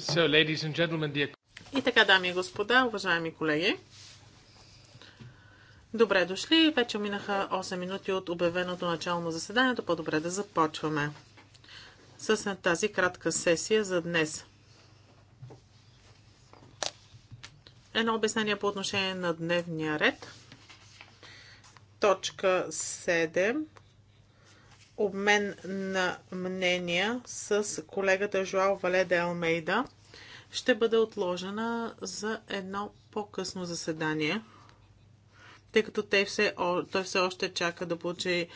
So, ladies and gentlemen, dear... И така, дами и господа, уважаеми колеги, добре дошли. Вече минаха 8 минути от обявеното начало на заседанието. По-добре да започваме с тази кратка сесия за днес. Едно обяснение по отношение на дневния ред. Точка 7, обмен на мнения с колегата Жоал Вале де Алмейда ще бъде отложена за едно по-късно заседание, тъй като те все, той все още чака да получи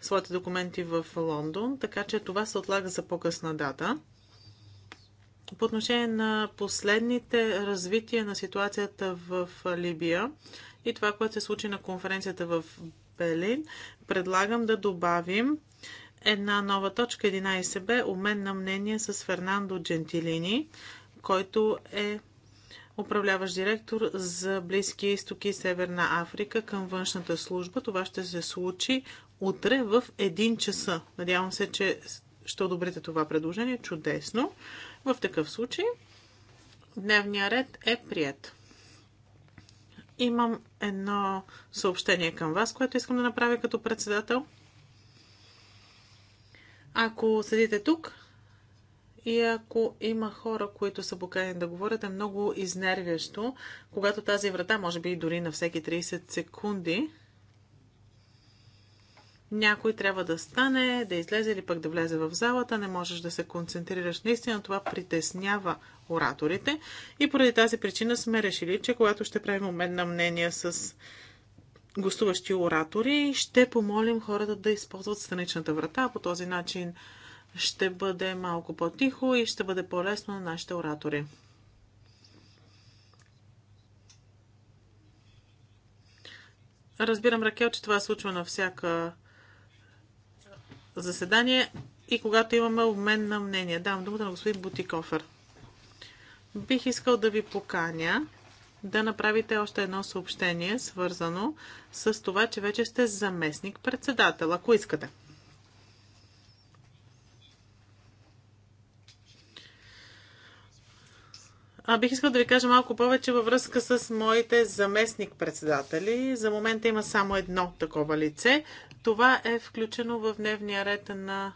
своите документи в Лондон, така че това се отлага за по-късна дата. По отношение на последните развития на ситуацията в Либия и това, което се случи на конференцията в Пелин, предлагам да добавим една нова точка 11б обмен на мнение с Фернандо Джентилини, който е управляващ директор за Близкия изток и Северна Африка към външната служба. Това ще се случи утре в 1 часа. Надявам се, че ще одобрите това предложение. Чудесно. В такъв случай дневния ред е прият. Имам едно съобщение към вас, което искам да направя като председател. Ако седите тук и ако има хора, които са поканени да говорят, е много изнервящо, когато тази врата, може би дори на всеки 30 секунди, някой трябва да стане, да излезе или пък да влезе в залата, не можеш да се концентрираш. Наистина това притеснява ораторите и поради тази причина сме решили, че когато ще правим обмен на мнения с гостуващи оратори, ще помолим хората да използват страничната врата. По този начин ще бъде малко по-тихо и ще бъде по-лесно на нашите оратори. Разбирам, Ракел, че това се случва на всяка заседание и когато имаме обмен на мнения. Давам думата на господин Бутикофер. Бих искал да ви поканя да направите още едно съобщение, свързано с това, че вече сте заместник председател, ако искате. А, бих искал да ви кажа малко повече във връзка с моите заместник-председатели. За момента има само едно такова лице, това е включено в дневния ред на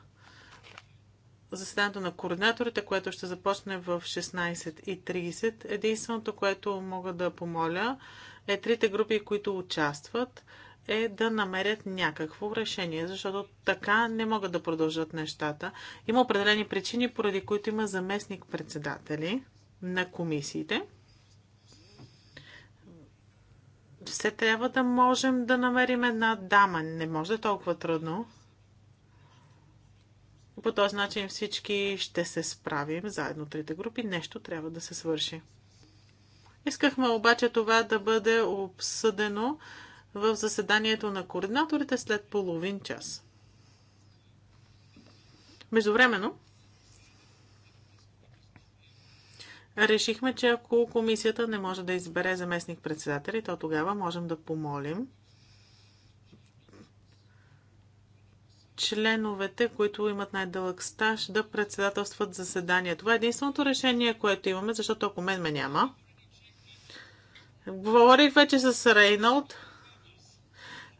заседанието на координаторите, което ще започне в 16.30. Единственото, което мога да помоля е трите групи, които участват, е да намерят някакво решение, защото така не могат да продължат нещата. Има определени причини, поради които има заместник председатели на комисиите – все трябва да можем да намерим една дама. Не може да е толкова трудно. По този начин всички ще се справим заедно трите групи. Нещо трябва да се свърши. Искахме обаче това да бъде обсъдено в заседанието на координаторите след половин час. Междувременно, решихме, че ако комисията не може да избере заместник председатели, то тогава можем да помолим членовете, които имат най-дълъг стаж, да председателстват заседания. Това е единственото решение, което имаме, защото ако мен ме няма. Говорих вече с Рейнолд.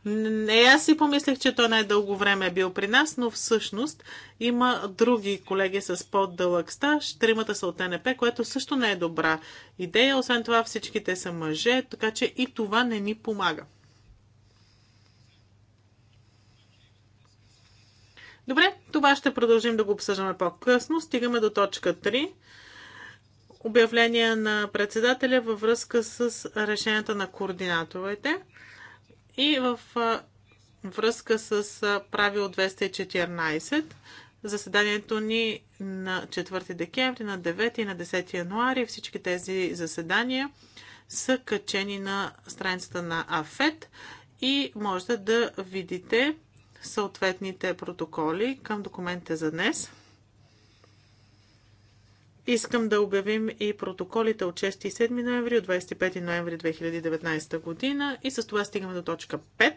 Не, аз си помислех, че той най-дълго време е бил при нас, но всъщност има други колеги с по-дълъг стаж. Тримата са от НП, което също не е добра идея. Освен това всичките са мъже, така че и това не ни помага. Добре, това ще продължим да го обсъждаме по-късно. Стигаме до точка 3 обявление на председателя във връзка с решенията на координаторите. И в връзка с правило 214, заседанието ни на 4 декември, на 9 и на 10 януари, всички тези заседания са качени на страницата на АФЕТ и можете да видите съответните протоколи към документите за днес. Искам да обявим и протоколите от 6 и 7 ноември, от 25 ноември 2019 година и с това стигаме до точка 5.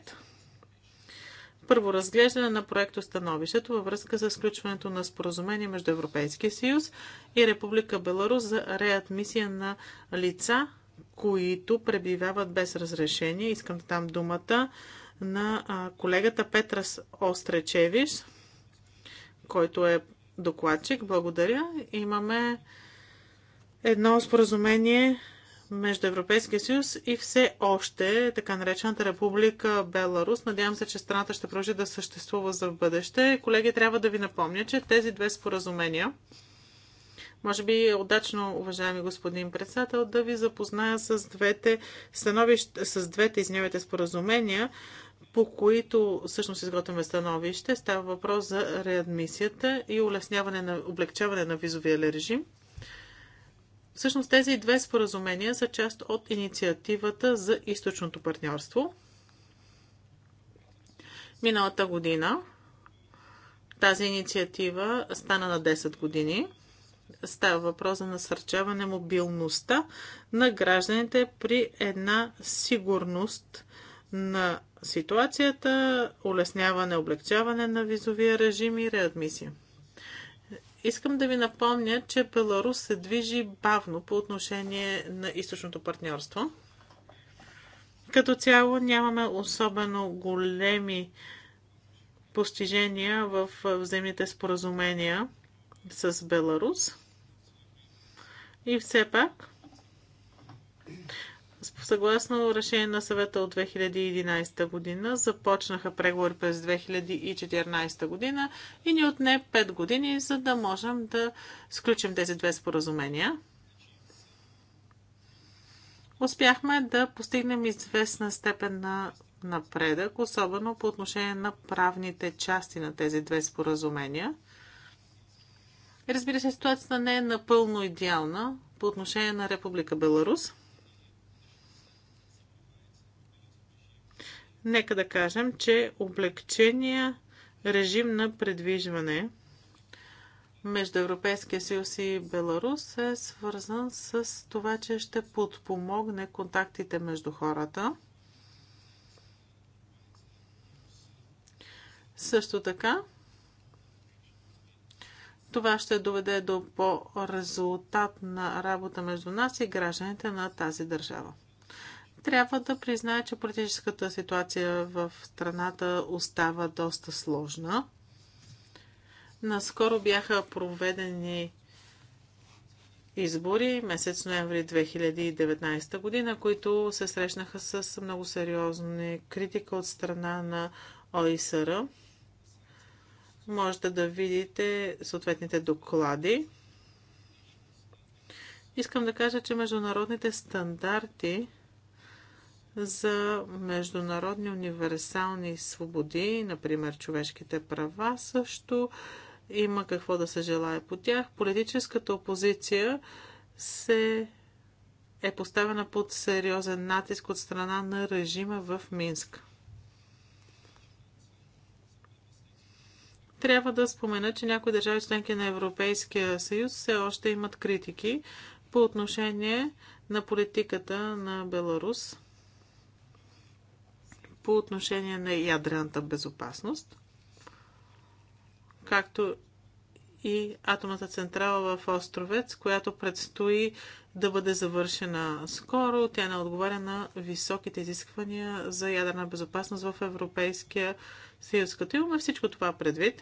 Първо разглеждане на проекто становището във връзка с включването на споразумение между Европейския съюз и Република Беларус за реадмисия на лица, които пребивават без разрешение. Искам да дам думата на колегата Петрас Остречевиш, който е докладчик. Благодаря. Имаме едно споразумение между Европейския съюз и все още така наречената република Беларус. Надявам се, че страната ще продължи да съществува за в бъдеще. Колеги, трябва да ви напомня, че тези две споразумения може би е удачно, уважаеми господин председател, да ви запозная с двете, с двете изнявете споразумения по които всъщност изготвяме становище. Става въпрос за реадмисията и улесняване на облегчаване на визовия режим. Всъщност тези две споразумения са част от инициативата за източното партньорство. Миналата година тази инициатива стана на 10 години. Става въпрос за насърчаване мобилността на гражданите при една сигурност – на ситуацията, улесняване, облегчаване на визовия режим и реадмисия. Искам да ви напомня, че Беларус се движи бавно по отношение на източното партньорство. Като цяло нямаме особено големи постижения в взаимните споразумения с Беларус. И все пак Съгласно решение на съвета от 2011 година, започнаха преговори през 2014 година и ни отне 5 години, за да можем да сключим тези две споразумения. Успяхме да постигнем известна степен на напредък, особено по отношение на правните части на тези две споразумения. Разбира се, ситуацията не е напълно идеална по отношение на Република Беларус – Нека да кажем, че облегчения режим на предвижване между Европейския съюз и Беларус е свързан с това, че ще подпомогне контактите между хората. Също така, това ще доведе до по-резултатна работа между нас и гражданите на тази държава. Трябва да призная, че политическата ситуация в страната остава доста сложна. Наскоро бяха проведени избори месец ноември 2019 година, които се срещнаха с много сериозни критика от страна на ОИСР. Можете да видите съответните доклади. Искам да кажа, че международните стандарти за международни универсални свободи, например човешките права също. Има какво да се желая по тях. Политическата опозиция се е поставена под сериозен натиск от страна на режима в Минск. Трябва да спомена, че някои държави членки на Европейския съюз все още имат критики по отношение на политиката на Беларус – по отношение на ядрената безопасност, както и атомната централа в Островец, която предстои да бъде завършена скоро. Тя не отговаря на високите изисквания за ядрена безопасност в Европейския съюз. Като имаме всичко това предвид,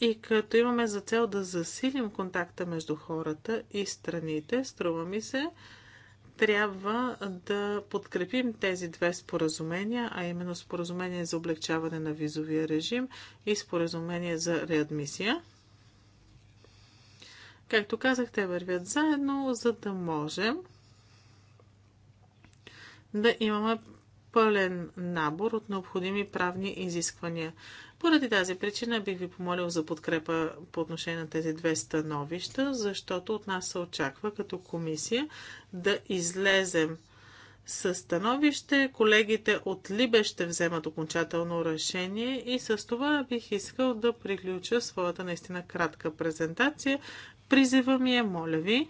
И като имаме за цел да засилим контакта между хората и страните, струва ми се, трябва да подкрепим тези две споразумения, а именно споразумение за облегчаване на визовия режим и споразумение за реадмисия. Както казах, те вървят заедно, за да можем да имаме пълен набор от необходими правни изисквания. Поради тази причина бих ви помолил за подкрепа по отношение на тези две становища, защото от нас се очаква като комисия да излезем с становище. Колегите от Либе ще вземат окончателно решение и с това бих искал да приключа своята наистина кратка презентация. Призива ми е, моля ви,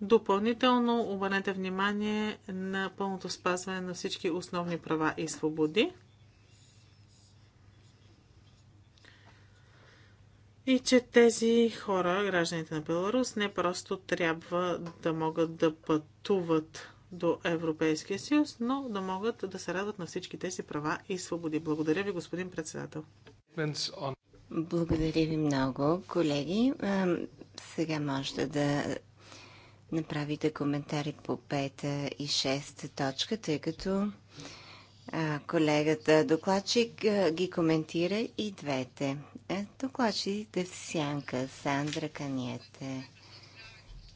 Допълнително обърнете внимание на пълното спазване на всички основни права и свободи. И че тези хора, гражданите на Беларус, не просто трябва да могат да пътуват до Европейския съюз, но да могат да се радват на всички тези права и свободи. Благодаря ви, господин председател. Благодаря ви много, колеги. Сега можете да направите коментари по 5 и 6 точка, тъй като колегата докладчик ги коментира и двете. Докладчиците в сянка, Сандра Каниете.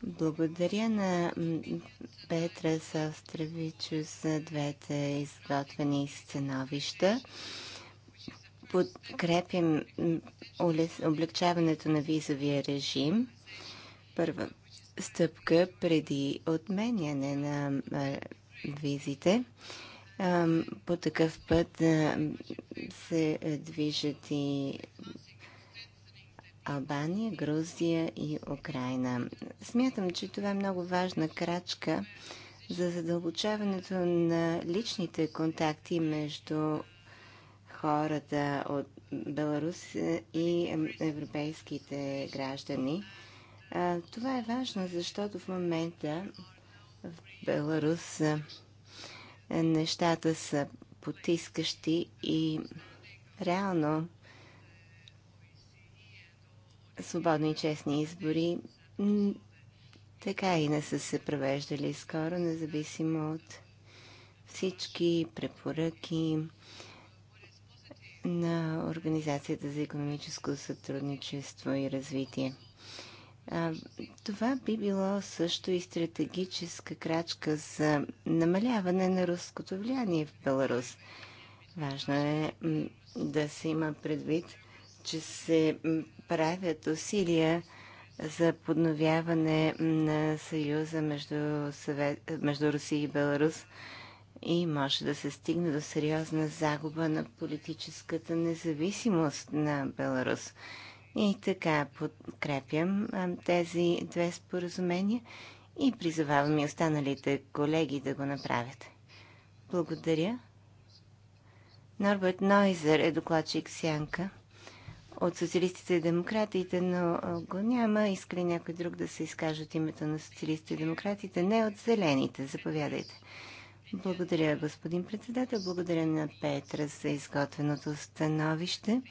Благодаря на Петра Состревичу за двете изготвени сценовища. Подкрепям облегчаването на визовия режим. Първа стъпка преди отменяне на визите. По такъв път се движат и Албания, Грузия и Украина. Смятам, че това е много важна крачка за задълбочаването на личните контакти между хората от Беларус и европейските граждани. Това е важно, защото в момента в Беларус нещата са потискащи и реално свободни и честни избори така и не са се провеждали скоро, независимо от всички препоръки на Организацията за економическо сътрудничество и развитие. Това би било също и стратегическа крачка за намаляване на руското влияние в Беларус. Важно е да се има предвид, че се правят усилия за подновяване на съюза между, Съвет, между Русия и Беларус и може да се стигне до сериозна загуба на политическата независимост на Беларус. И така подкрепям тези две споразумения и призовавам и останалите колеги да го направят. Благодаря. Норберт Нойзер е докладчик Сянка от социалистите и демократите, но го няма. Иска ли някой друг да се изкаже от името на социалистите и демократите? Не от зелените. Заповядайте. Благодаря, господин председател. Благодаря на Петра за изготвеното становище.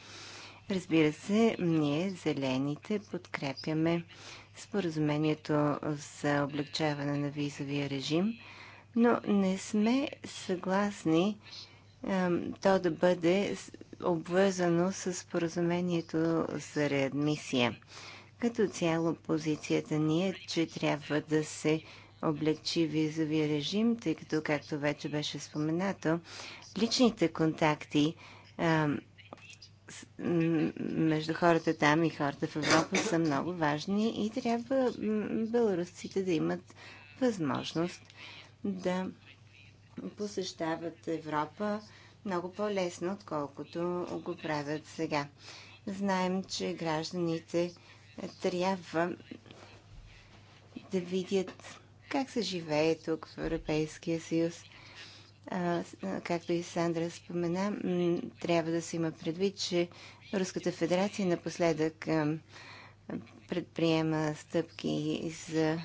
Разбира се, ние, зелените, подкрепяме споразумението за облегчаване на визовия режим, но не сме съгласни е, то да бъде обвързано с споразумението за реадмисия. Като цяло позицията ни е, че трябва да се облегчи визовия режим, тъй като, както вече беше споменато, личните контакти между хората там и хората в Европа са много важни и трябва белорусците да имат възможност да посещават Европа много по-лесно, отколкото го правят сега. Знаем, че гражданите трябва да видят как се живее тук в Европейския съюз – както и Сандра спомена, трябва да се има предвид, че Руската федерация напоследък предприема стъпки за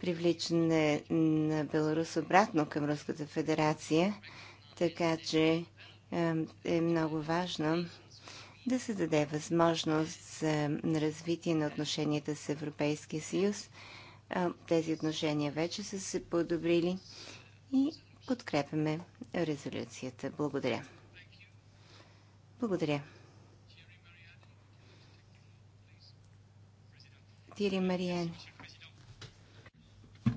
привличане на Беларус обратно към Руската федерация, така че е много важно да се даде възможност за развитие на отношенията с Европейския съюз. Тези отношения вече са се подобрили и подкрепяме резолюцията. Благодаря. Благодаря. Тири Мариен.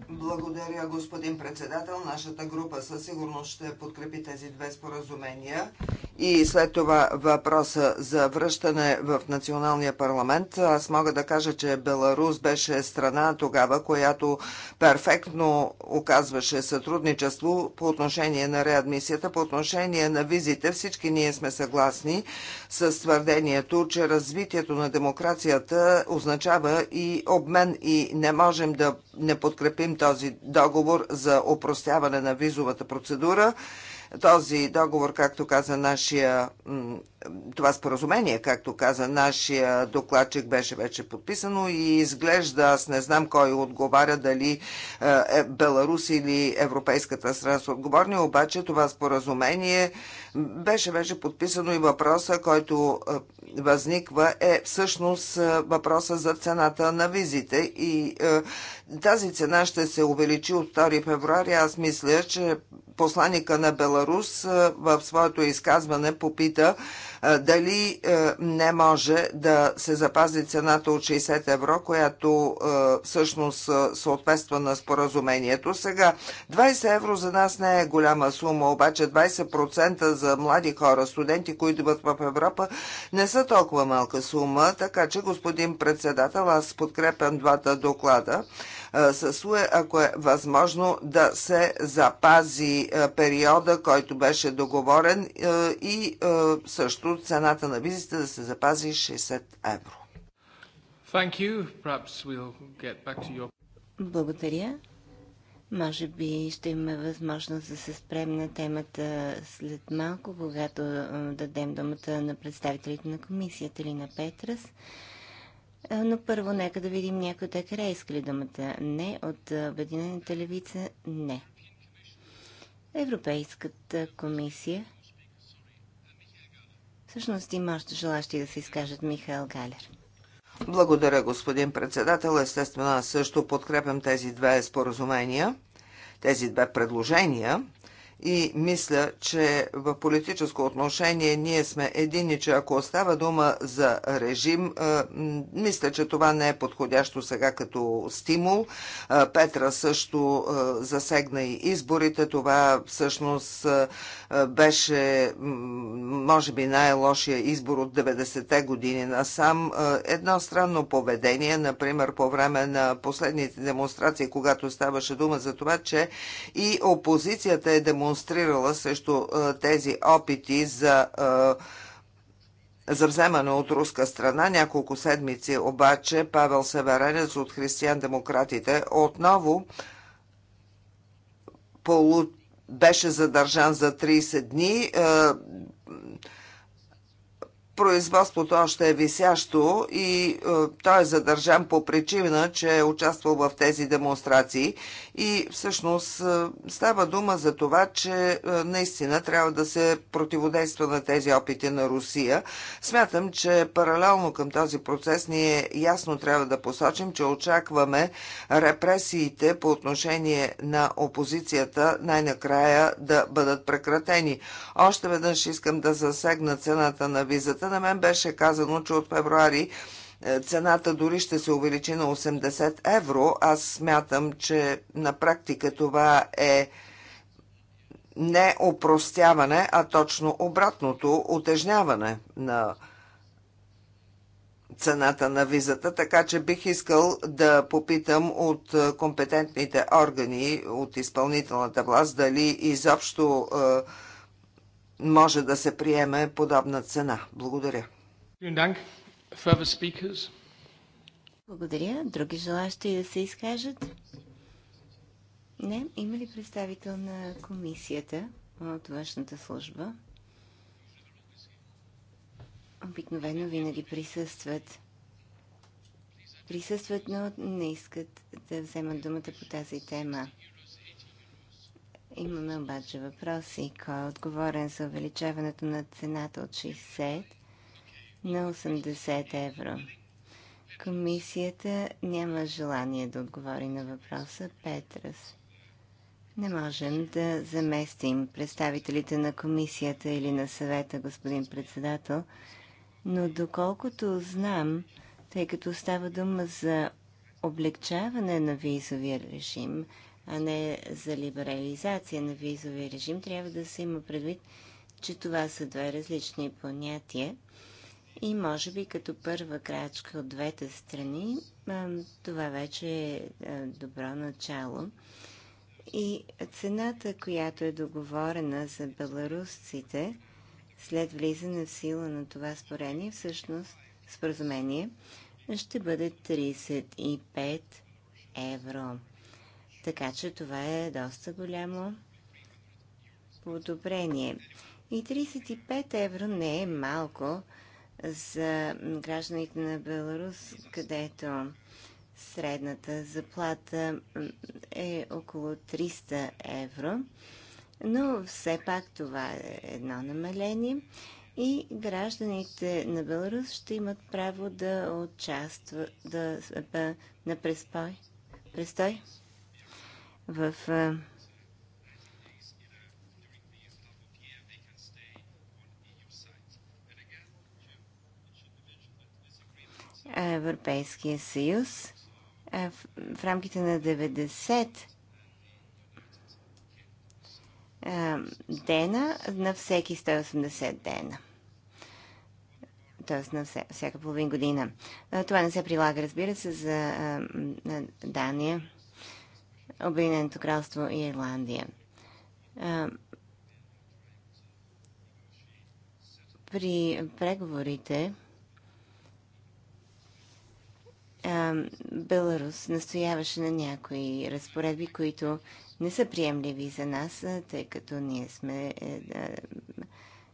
Благодаря, господин председател. Нашата група със сигурност ще подкрепи тези две споразумения и след това въпроса за връщане в националния парламент, аз мога да кажа, че Беларус беше страна тогава, която перфектно оказваше сътрудничество по отношение на реадмисията, по отношение на визите. Всички ние сме съгласни с твърдението, че развитието на демокрацията означава и обмен и не можем да не подкрепим този договор за опростяване на визовата процедура този договор, както каза нашия, това споразумение, както каза нашия докладчик, беше вече подписано и изглежда, аз не знам кой отговаря, дали е, е Беларус или Европейската страна са отговорни, обаче това споразумение беше вече подписано и въпроса, който е, възниква е всъщност е, въпроса за цената на визите и тази цена ще се увеличи от 2 февруари. Аз мисля, че посланника на Беларус в своето изказване попита дали е, не може да се запази цената от 60 евро, която е, всъщност е, съответства на споразумението. Сега 20 евро за нас не е голяма сума, обаче 20% за млади хора, студенти, които идват в Европа, не са толкова малка сума, така че господин председател, аз подкрепям двата доклада с ако е възможно да се запази периода, който беше договорен и също евро, цената на визите да се запази 60 евро. We'll your... Благодаря. Може би ще имаме възможност да се спрем на темата след малко, когато дадем думата на представителите на комисията или на Петрас. Но първо нека да видим някой да къде искали думата. Не от Обединената левица, не. Европейската комисия. Всъщност има още желащи да се изкажат Михаил Галер. Благодаря, господин председател. Естествено, аз също подкрепям тези две споразумения, тези две предложения. И мисля, че в политическо отношение ние сме едини, че ако остава дума за режим, е, мисля, че това не е подходящо сега като стимул. Е, Петра също е, засегна и изборите. Това всъщност беше, може би, най-лошия избор от 90-те години насам. Едно странно поведение, например, по време на последните демонстрации, когато ставаше дума за това, че и опозицията е демонстрация демонстрирала срещу тези опити за за вземане от руска страна. Няколко седмици обаче Павел Северенец от християн-демократите отново полу... беше задържан за 30 дни производството още е висящо и е, той е задържан по причина, че е участвал в тези демонстрации. И всъщност е, става дума за това, че е, наистина трябва да се противодейства на тези опити на Русия. Смятам, че паралелно към този процес ние ясно трябва да посочим, че очакваме репресиите по отношение на опозицията най-накрая да бъдат прекратени. Още веднъж искам да засегна цената на визата комисията. На мен беше казано, че от февруари е, цената дори ще се увеличи на 80 евро. Аз смятам, че на практика това е не опростяване, а точно обратното отежняване на цената на визата, така че бих искал да попитам от е, компетентните органи, от изпълнителната власт, дали изобщо е, може да се приеме подобна цена. Благодаря. Благодаря. Други желащи да се изкажат? Не. Има ли представител на комисията от външната служба? Обикновено винаги присъстват. Присъстват, но не искат да вземат думата по тази тема. Имаме обаче въпроси. Кой е отговорен за увеличаването на цената от 60 на 80 евро? Комисията няма желание да отговори на въпроса Петрас. Не можем да заместим представителите на комисията или на съвета, господин председател, но доколкото знам, тъй като става дума за облегчаване на визовия режим, а не за либерализация на визовия режим, трябва да се има предвид, че това са две различни понятия. И може би като първа крачка от двете страни, това вече е добро начало. И цената, която е договорена за беларусците след влизане в сила на това спорение, всъщност споразумение, ще бъде 35 евро. Така че това е доста голямо подобрение. И 35 евро не е малко за гражданите на Беларус, където средната заплата е около 300 евро. Но все пак това е едно намаление и гражданите на Беларус ще имат право да участват да, да, на престой. престой в Европейския съюз в рамките на 90 дена на всеки 180 дена. Тоест на всяка половин година. Това не се прилага, разбира се, за Дания. Обединеното кралство и Ирландия. При преговорите Беларус настояваше на някои разпоредби, които не са приемливи за нас, тъй като ние сме е,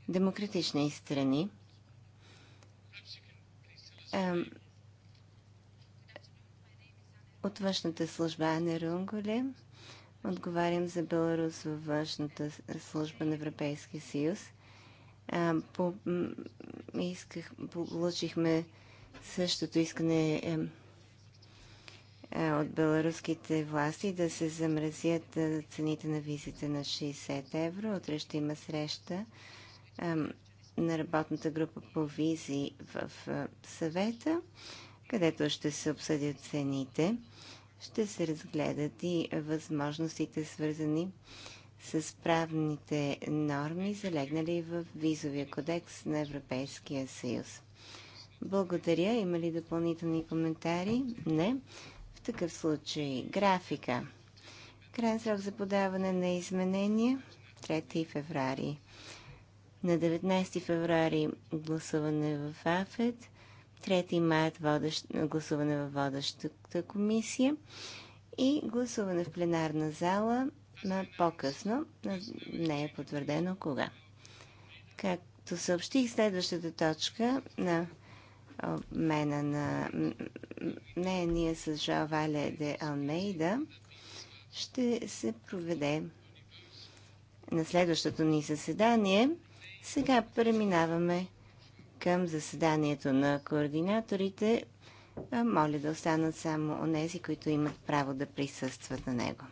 демократични страни от външната служба Ана Рунголе. Отговарям за Беларус във външната служба на Европейския съюз. А, по, исках, получихме същото искане е, е, от беларуските власти да се замразят е, цените на визите на 60 евро. Утре ще има среща на работната група по визи в е, съвета където ще се обсъдят цените, ще се разгледат и възможностите свързани с правните норми, залегнали в визовия кодекс на Европейския съюз. Благодаря. Има ли допълнителни коментари? Не. В такъв случай графика. Крайен срок за подаване на изменения 3 феврари. На 19 феврари гласуване в АФЕД, 3 март водещ, гласуване в водещата комисия и гласуване в пленарна зала на по-късно. Не е потвърдено кога. Както съобщих, следващата точка на мена на не, ние с Жоа Вале де Алмейда ще се проведе на следващото ни заседание. Сега преминаваме към заседанието на координаторите. Моля да останат само онези, които имат право да присъстват на него.